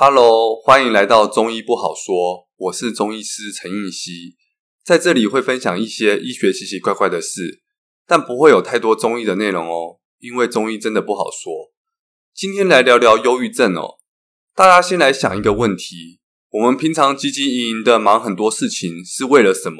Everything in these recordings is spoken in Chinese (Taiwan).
Hello，歡迎來到中醫不好說，我是中醫師陳應希，在這裡會分享一些醫學奇奇怪怪的事，但不會有太多中醫的內容哦，因為中醫真的不好說。今天來聊聊憂鬱症哦，大家先來想一個問題：我們平常汲汲營營的忙很多事情是為了什麼？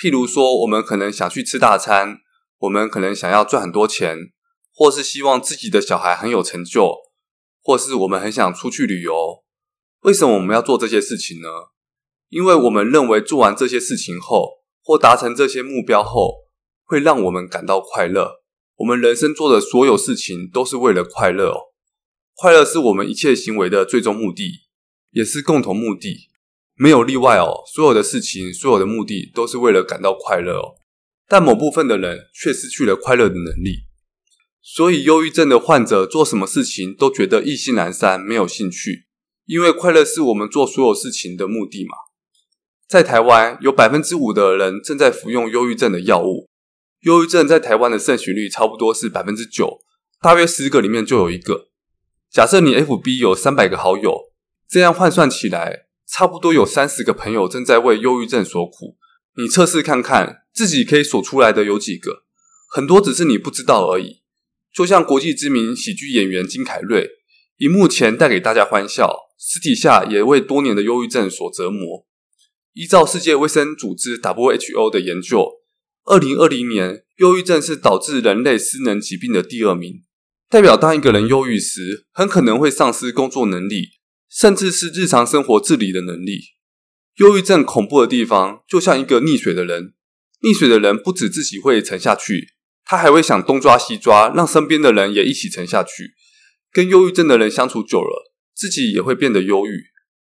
譬如說，我們可能想去吃大餐，我們可能想要賺很多錢，或是希望自己的小孩很有成就。或是我們很想出去旅遊，為什麼我們要做這些事情呢？因為我們認為做完這些事情後，或達成這些目標後，會讓我們感到快樂。我們人生做的所有事情都是為了快樂哦。快樂是我們一切行為的最終目的，也是共同目的。沒有例外哦，所有的事情，所有的目的都是為了感到快樂哦。但某部分的人卻失去了快樂的能力。所以，憂鬱症的患者做什麼事情都覺得意興闌珊，沒有興趣。因為快樂是我們做所有事情的目的嘛。在台灣，有百分之五的人正在服用憂鬱症的藥物。憂鬱症在台灣的盛行率差不多是百分之九，大約十個裡面就有一個。假設你 FB 有三百個好友，這樣換算起來，差不多有三十個朋友正在為憂鬱症所苦。你測試看看，自己可以數出來的有幾個？很多只是你不知道而已。就像國際知名喜劇演員金凱瑞，以目前帶給大家歡笑，私底下也為多年的憂鬱症所折磨。依照世界衛生組織 （WHO） 的研究，2020年，憂鬱症是導致人類失能疾病的第二名，代表當一個人憂鬱時，很可能會喪失工作能力，甚至是日常生活自理的能力。憂鬱症恐怖的地方，就像一個溺水的人，溺水的人不止自己會沉下去。他還會想東抓西抓，讓身邊的人也一起沉下去。跟憂鬱症的人相處久了，自己也會變得憂鬱。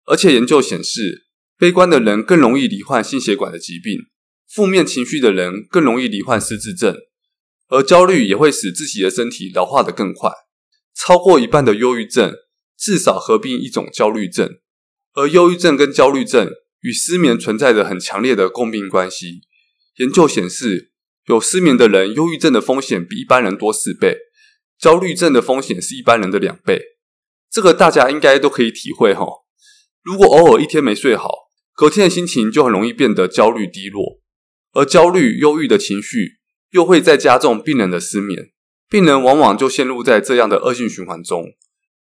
而且研究顯示，悲觀的人更容易罹患心血管的疾病，負面情緒的人更容易罹患失智症，而焦慮也會使自己的身體老化得更快。超過一半的憂鬱症至少合併一種焦慮症，而憂鬱症跟焦慮症與失眠存在着很強烈的共病關係。研究顯示。有失眠的人，憂鬱症的風險比一般人多四倍，焦慮症的風險是一般人的兩倍。這個大家應該都可以體會吼。如果偶爾一天沒睡好，隔天的心情就很容易變得焦慮低落，而焦慮、憂鬱的情緒又會再加重病人的失眠，病人往往就陷入在這樣的惡性循環中。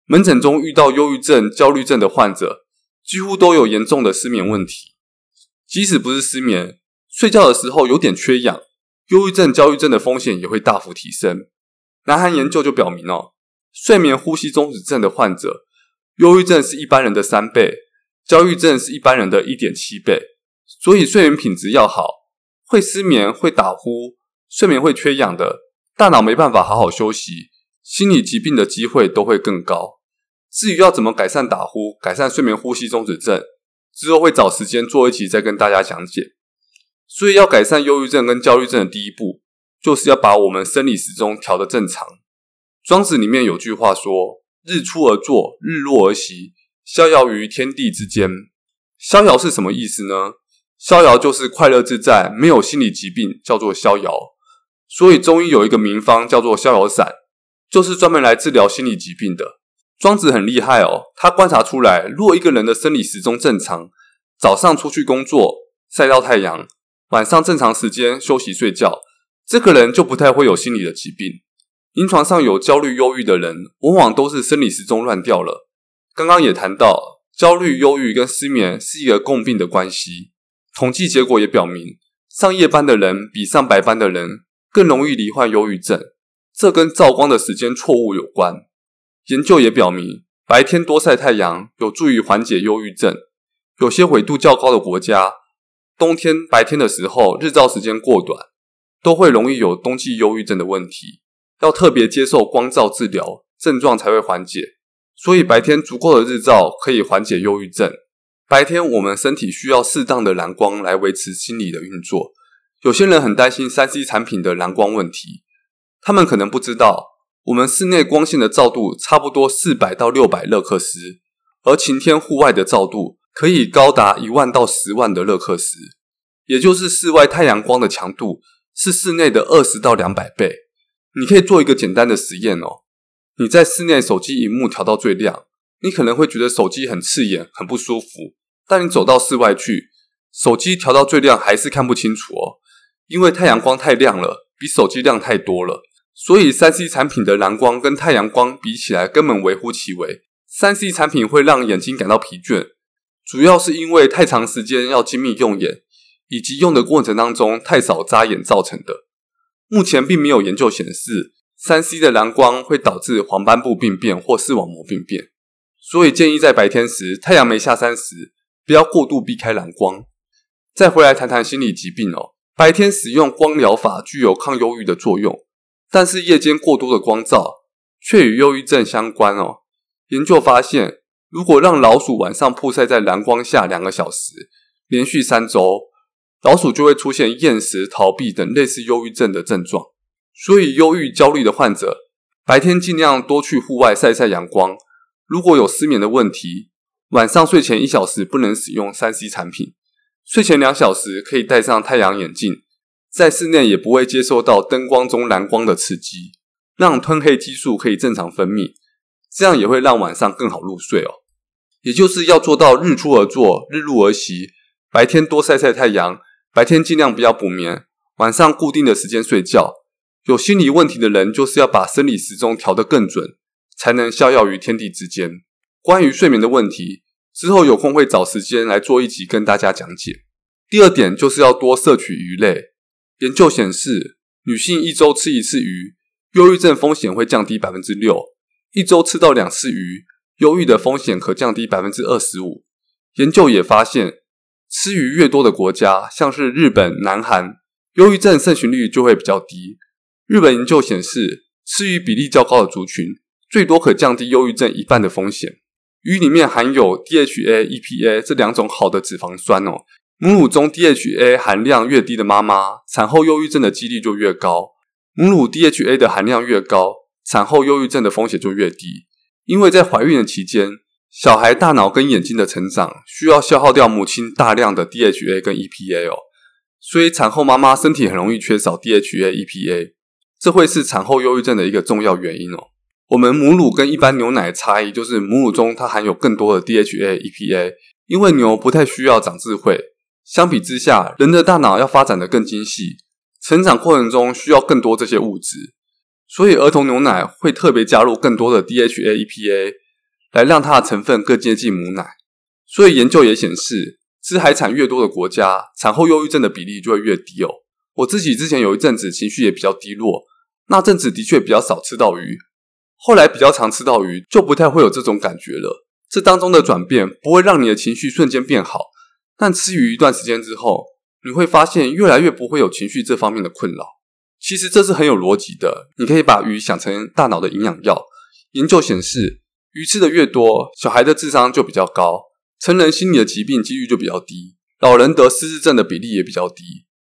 門診中遇到憂鬱症、焦慮症的患者，幾乎都有嚴重的失眠問題。即使不是失眠，睡覺的時候有點缺氧，憂鬱症、焦慮症的風險也會大幅提升。南韓研究就表明，哦，睡眠呼吸中止症的患者，憂鬱症是一般人的三倍，焦慮症是一般人的一點七倍。所以，睡眠品質要好，會失眠、會打呼、睡眠會缺氧的大腦沒辦法好好休息，心理疾病的機會都會更高。至於要怎麼改善打呼、改善睡眠呼吸中止症，之後會找時間做一期，再跟大家講解。所以，要改善憂鬱症跟焦慮症的第一步，就是要把我們生理時鐘調得正常。莊子裡面有句話說：“日出而作，日落而息，逍遙於天地之間。”逍遙是什麼意思呢？逍遙就是快樂自在，沒有心理疾病，叫做逍遙。所以，中醫有一個名方叫做逍遙散，就是專門來治療心理疾病的。莊子很厲害哦，他觀察出來，如果一個人的生理時鐘正常，早上出去工作，曬到太陽。晚上正常時間休息睡覺，這個人就不太會有心理的疾病。臨床上有焦慮、憂鬱的人，往往都是生理時鐘亂掉了。剛剛也談到，焦慮、憂鬱跟失眠是一個共病的關係。統計結果也表明，上夜班的人比上白班的人更容易罹患憂鬱症，這跟照光的時間錯誤有關。研究也表明，白天多曬太陽有助於緩解憂鬱症。有些緯度較高的國家，冬天白天的時候，日照時間過短，都會容易有冬季憂鬱症的問題，要特別接受光照治療，症狀才會緩解。所以白天足夠的日照可以緩解憂鬱症。白天我們身體需要適當的藍光來維持心理的運作。有些人很擔心 3C 產品的藍光問題，他們可能不知道，我們室內光線的照度差不多四百到六百勒克斯，而晴天戶外的照度，可以高達一萬到十萬的勒克斯，也就是室外太陽光的強度是室內的二十到兩百倍。你可以做一個簡單的實驗哦，你在室內手機螢幕調到最亮，你可能會覺得手機很刺眼、很不舒服。但你走到室外去，手機調到最亮還是看不清楚哦，因為太陽光太亮了，比手機亮太多了。所以三 C 產品的藍光跟太陽光比起來根本微乎其微，三 C 產品會讓眼睛感到疲倦。主要是因為太長時間要精密用眼，以及用的過程當中太少眨眼造成的。目前並沒有研究顯示三 C 的藍光會導致黃斑部病變或視網膜病變，所以建議在白天時太陽沒下山時，不要過度避開藍光。再回來談談心理疾病哦，白天使用光療法具有抗憂鬱的作用，但是夜間過多的光照卻與憂鬱症相關哦。研究發現，如果讓老鼠晚上曝曬在藍光下兩個小時，連續三周，老鼠就會出現厭食、逃避等類似憂鬱症的症狀。所以，憂鬱、焦慮的患者白天儘量多去戶外晒曬陽光。如果有失眠的問題，晚上睡前一小時不能使用三 C 產品，睡前兩小時可以戴上太陽眼鏡，在室內也不會接受到燈光中藍光的刺激，讓褪黑激素可以正常分泌，這樣也會讓晚上更好入睡哦。也就是要做到日出而作，日入而息，白天多曬曬太陽，白天盡量不要補眠，晚上固定的時間睡覺。有心理問題的人，就是要把生理時鐘調得更準，才能逍遙於天地之間。關於睡眠的問題，之後有空會找時間來做一集跟大家講解。第二點就是要多攝取魚類。研究顯示，女性一周吃一次魚，憂鬱症風險會降低百分之六；一周吃到兩次魚，憂鬱的風險可降低百分之二十五。研究也發現，吃魚越多的國家，像是日本、南韓，憂鬱症盛行率就會比較低。日本研究顯示，吃魚比例較高的族群，最多可降低憂鬱症一半的風險。魚裡面含有 DHA、EPA 這兩種好的脂肪酸哦。母乳中 DHA 含量越低的媽媽，產後憂鬱症的幾率就越高。母乳 DHA 的含量越高，產後憂鬱症的風險就越低。因為在懷孕的期間，小孩大腦跟眼睛的成長需要消耗掉母親大量的 DHA 跟 EPA 哦，所以產後媽媽身體很容易缺少 DHA、EPA，這會是產後憂鬱症的一個重要原因哦。我們母乳跟一般牛奶的差異就是母乳中它含有更多的 DHA、EPA，因為牛不太需要長智慧，相比之下，人的大腦要發展得更精細，成長過程中需要更多這些物質。所以，兒童牛奶會特別加入更多的 DHA、EPA 來讓它的成分更接近母奶。所以，研究也顯示，吃海產越多的國家，產後憂鬱症的比例就會越低哦。我自己之前有一陣子情緒也比較低落，那陣子的確比較少吃到魚，後來比較常吃到魚，就不太會有這種感覺了。這當中的轉變不會讓你的情緒瞬間變好，但吃魚一段時間之後，你會發現越來越不會有情緒這方面的困擾。其實這是很有邏輯的。你可以把魚想成大腦的營養藥。研究顯示，魚吃得越多，小孩的智商就比較高，成人心理的疾病幾率就比較低，老人得失智症的比例也比較低。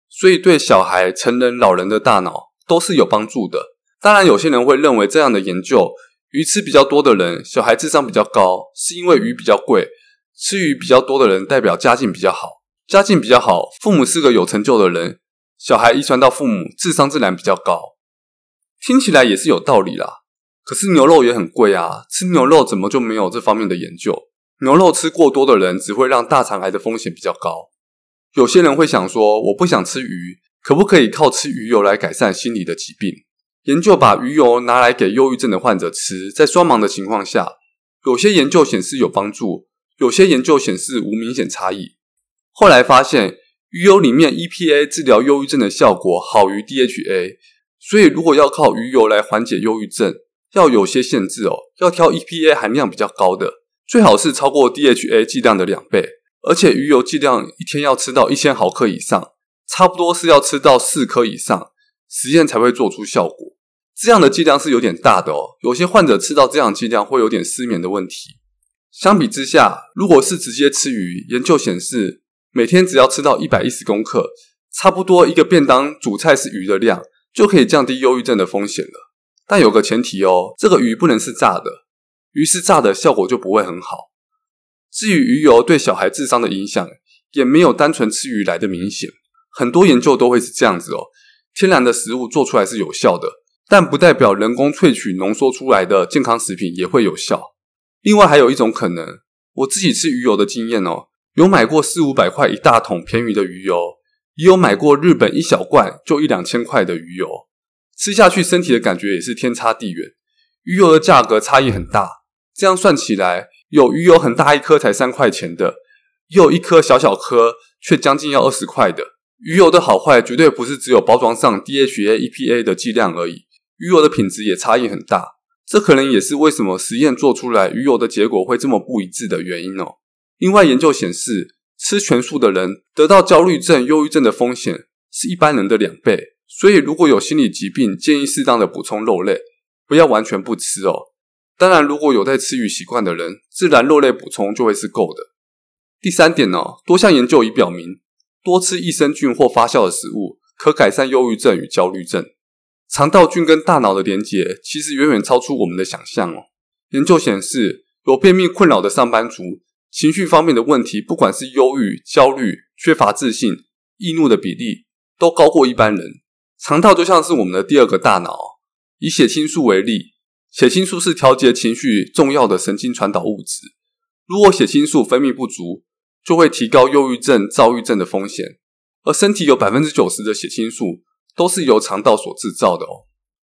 所以對小孩、成人、老人的大腦都是有幫助的。當然，有些人會認為這樣的研究，魚吃比較多的人，小孩智商比較高，是因為魚比較貴，吃魚比較多的人代表家境比較好，家境比較好，父母是個有成就的人。小孩遺傳到父母智商自然比較高，聽起來也是有道理啦。可是牛肉也很貴啊，吃牛肉怎麼就沒有這方面的研究？牛肉吃過多的人只會讓大腸癌的風險比較高。有些人會想說，我不想吃魚，可不可以靠吃魚油來改善心理的疾病？研究把魚油拿來給憂鬱症的患者吃，在雙盲的情況下，有些研究顯示有幫助，有些研究顯示無明顯差異。後來發現，魚油裡面 EPA 治療憂鬱症的效果好於 DHA，所以如果要靠魚油來緩解憂鬱症，要有些限制哦。要挑 EPA 含量比較高的，最好是超過 DHA 劑量的兩倍，而且魚油劑量一天要吃到一千毫克以上，差不多是要吃到四顆以上，實驗才會做出效果。這樣的劑量是有點大的哦，有些患者吃到這樣劑量會有點失眠的問題。相比之下，如果是直接吃魚，研究顯示，每天只要吃到一百一十公克，差不多一個便當主菜是魚的量，就可以降低憂鬱症的風險了。但有個前提哦，這個魚不能是炸的，魚是炸的效果就不會很好。至於魚油對小孩智商的影響，也沒有單純吃魚來得明顯。很多研究都會是這樣子哦，天然的食物做出來是有效的，但不代表人工萃取濃縮出來的健康食品也會有效。另外還有一種可能，我自己吃魚油的經驗哦。有買過四五百塊一大桶便宜的魚油，也有買過日本一小罐就一兩千塊的魚油，吃下去身體的感覺也是天差地遠。魚油的價格差異很大，這樣算起來，有魚油很大一顆才三塊錢的，也有一顆小小顆卻將近要二十塊的。魚油的好壞絕對不是只有包裝上 DHA EPA 的劑量而已，魚油的品質也差異很大。這可能也是為什麼實驗做出來魚油的結果會這麼不一致的原因哦。另外，研究顯示，吃全素的人得到焦慮症、憂鬱症的風險是一般人的兩倍。所以，如果有心理疾病，建議適當的補充肉類，不要完全不吃哦。當然，如果有在吃魚習慣的人，自然肉類補充就會是夠的。第三點哦，多項研究已表明，多吃益生菌或發酵的食物，可改善憂鬱症與焦慮症。腸道菌跟大腦的連結其實遠遠超出我們的想象哦。研究顯示，有便秘困擾的上班族，情緒方面的問題，不管是憂鬱、焦慮、缺乏自信、易怒的比例，都高過一般人。腸道就像是我們的第二個大腦。以血清素為例，血清素是調節情緒重要的神經傳導物質。如果血清素分泌不足，就會提高憂鬱症、躁鬱症的風險。而身體有百分之九十的血清素都是由腸道所製造的哦。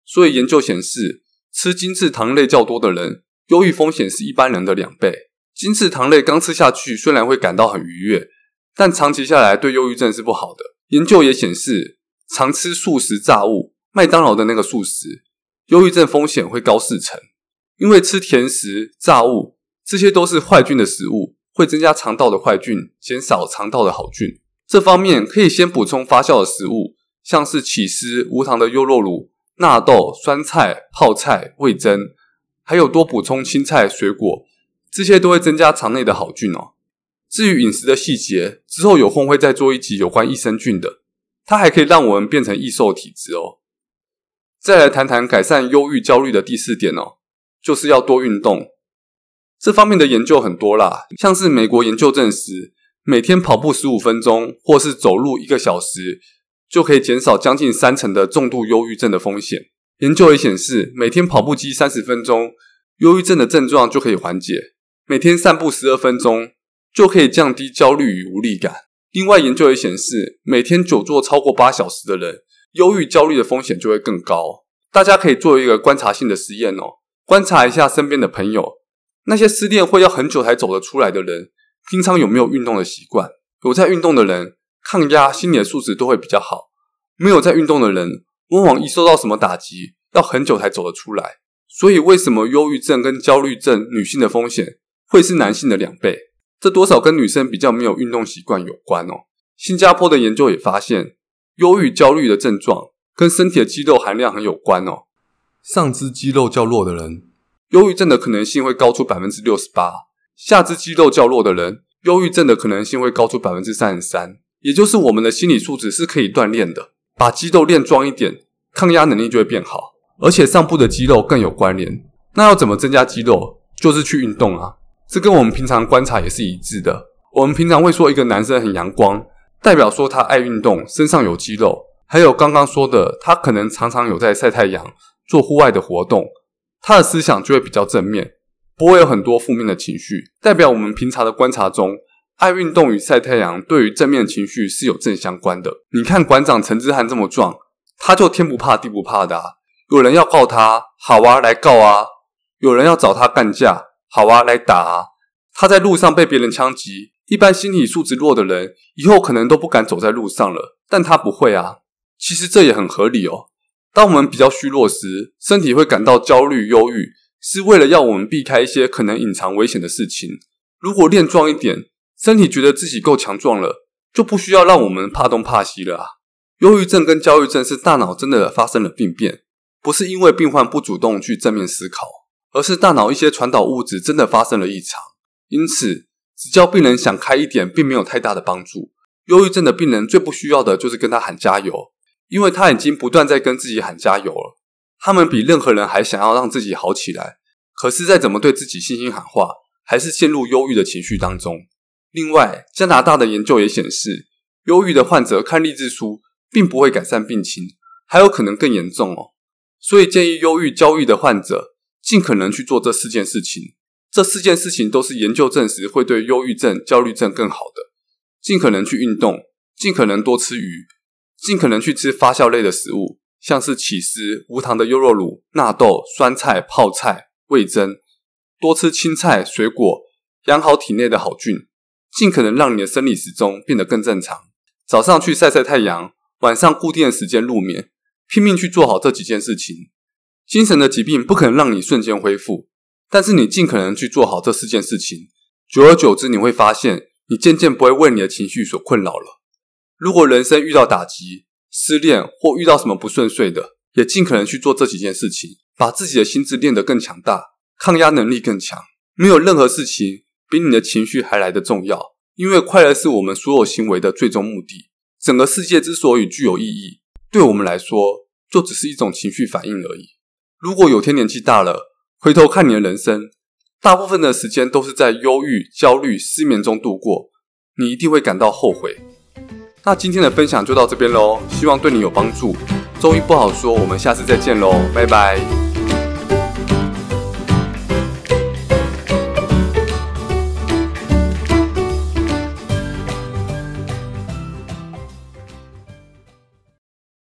所以研究顯示，吃精緻糖類較多的人，憂鬱風險是一般人的兩倍。精製糖類剛吃下去雖然會感到很愉悅，但長期下來對憂鬱症是不好的。研究也顯示，常吃速食炸物，麥當勞的那個速食，憂鬱症風險會高四成。因為吃甜食、炸物，這些都是壞菌的食物，會增加腸道的壞菌，減少腸道的好菌。這方面可以先補充發酵的食物，像是起司、無糖的優酪乳、納豆、酸菜、泡菜、味噌，還有多補充青菜、水果。這些都會增加腸內的好菌哦。至於飲食的細節，之後有空會再做一集有關益生菌的。它還可以讓我們變成易瘦體質哦。再來談談改善憂鬱焦慮的第四點哦，就是要多運動。這方面的研究很多啦，像是美國研究證實，每天跑步十五分鐘，或是走路一個小時，就可以減少將近三成的重度憂鬱症的風險。研究也顯示，每天跑步機三十分鐘，憂鬱症的症狀就可以緩解。每天散步十二分鐘就可以降低焦慮與無力感。另外，研究也顯示，每天久坐超過八小時的人，憂鬱、焦慮的風險就會更高。大家可以做一個觀察性的實驗哦，觀察一下身邊的朋友，那些失戀會要很久才走得出來的人，平常有沒有運動的習慣？有在運動的人，抗壓、心理的素質都會比較好。沒有在運動的人，往往一受到什麼打擊，要很久才走得出來。所以，為什麼憂鬱症跟焦慮症女性的風險？會是男性的兩倍，這多少跟女生比較沒有運動習慣有關哦。新加坡的研究也發現，憂鬱、焦慮的症狀跟身體的肌肉含量很有關哦。上肢肌肉較弱的人，憂鬱症的可能性會高出百分之六十八；下肢肌肉較弱的人，憂鬱症的可能性會高出百分之三十三。也就是我們的心理素質是可以鍛鍊的，把肌肉練壯一點，抗壓能力就會變好，而且上部的肌肉更有關聯。那要怎麼增加肌肉？就是去運動啊。這跟我們平常觀察也是一致的。我們平常會說一個男生很陽光，代表說他愛運動，身上有肌肉，還有剛剛說的，他可能常常有在曬太陽、做戶外的活動，他的思想就會比較正面，不會有很多負面的情緒。代表我們平常的觀察中，愛運動與曬太陽對於正面情緒是有正相關的。你看館長陳之漢這麼壯，他就天不怕地不怕的啊。有人要告他，好啊，來告啊，有人要找他幹架。好啊，來打啊！他在路上被別人槍擊，一般心理素質弱的人，以後可能都不敢走在路上了。但他不會啊，其實這也很合理哦。當我們比較虛弱時，身體會感到焦慮、憂鬱，是為了要我們避開一些可能隱藏危險的事情。如果練壯一點，身體覺得自己夠強壯了，就不需要讓我們怕東怕西了啊。憂鬱症跟焦慮症是大腦真的發生了病變，不是因為病患不主動去正面思考。而是大腦一些傳導物質真的發生了異常，因此只叫病人想開一點，並沒有太大的幫助。憂鬱症的病人最不需要的就是跟他喊加油，因為他已經不斷在跟自己喊加油了。他們比任何人還想要讓自己好起來，可是再怎麼對自己信心喊話，還是陷入憂鬱的情緒當中。另外，加拿大的研究也顯示，憂鬱的患者看勵志書並不會改善病情，還有可能更嚴重哦、喔。所以，建議憂鬱、焦慮的患者。盡可能去做這四件事情，這四件事情都是研究證實會對憂鬱症、焦慮症更好的。盡可能去運動，盡可能多吃魚，盡可能去吃發酵類的食物，像是起司、無糖的優酪乳、納豆、酸菜、泡菜、味噌，多吃青菜、水果，養好體內的好菌，盡可能讓你的生理時鐘變得更正常。早上去曬曬太陽，晚上固定的時間入眠，拼命去做好這幾件事情。精神的疾病不可能讓你瞬間恢復，但是你盡可能去做好這四件事情，久而久之，你會發現你漸漸不會為你的情緒所困擾了。如果人生遇到打擊、失戀或遇到什麼不順遂的，也盡可能去做這幾件事情，把自己的心智練得更強大，抗壓能力更強。沒有任何事情比你的情緒還來得重要，因為快樂是我們所有行為的最終目的。整個世界之所以具有意義，對我們來說，就只是一種情緒反應而已。如果有天年紀大了，回頭看你的人生，大部分的時間都是在憂鬱、焦慮、失眠中度過，你一定會感到後悔。那今天的分享就到這邊嘍，希望對你有幫助。中醫不好說，我們下次再見嘍，拜拜。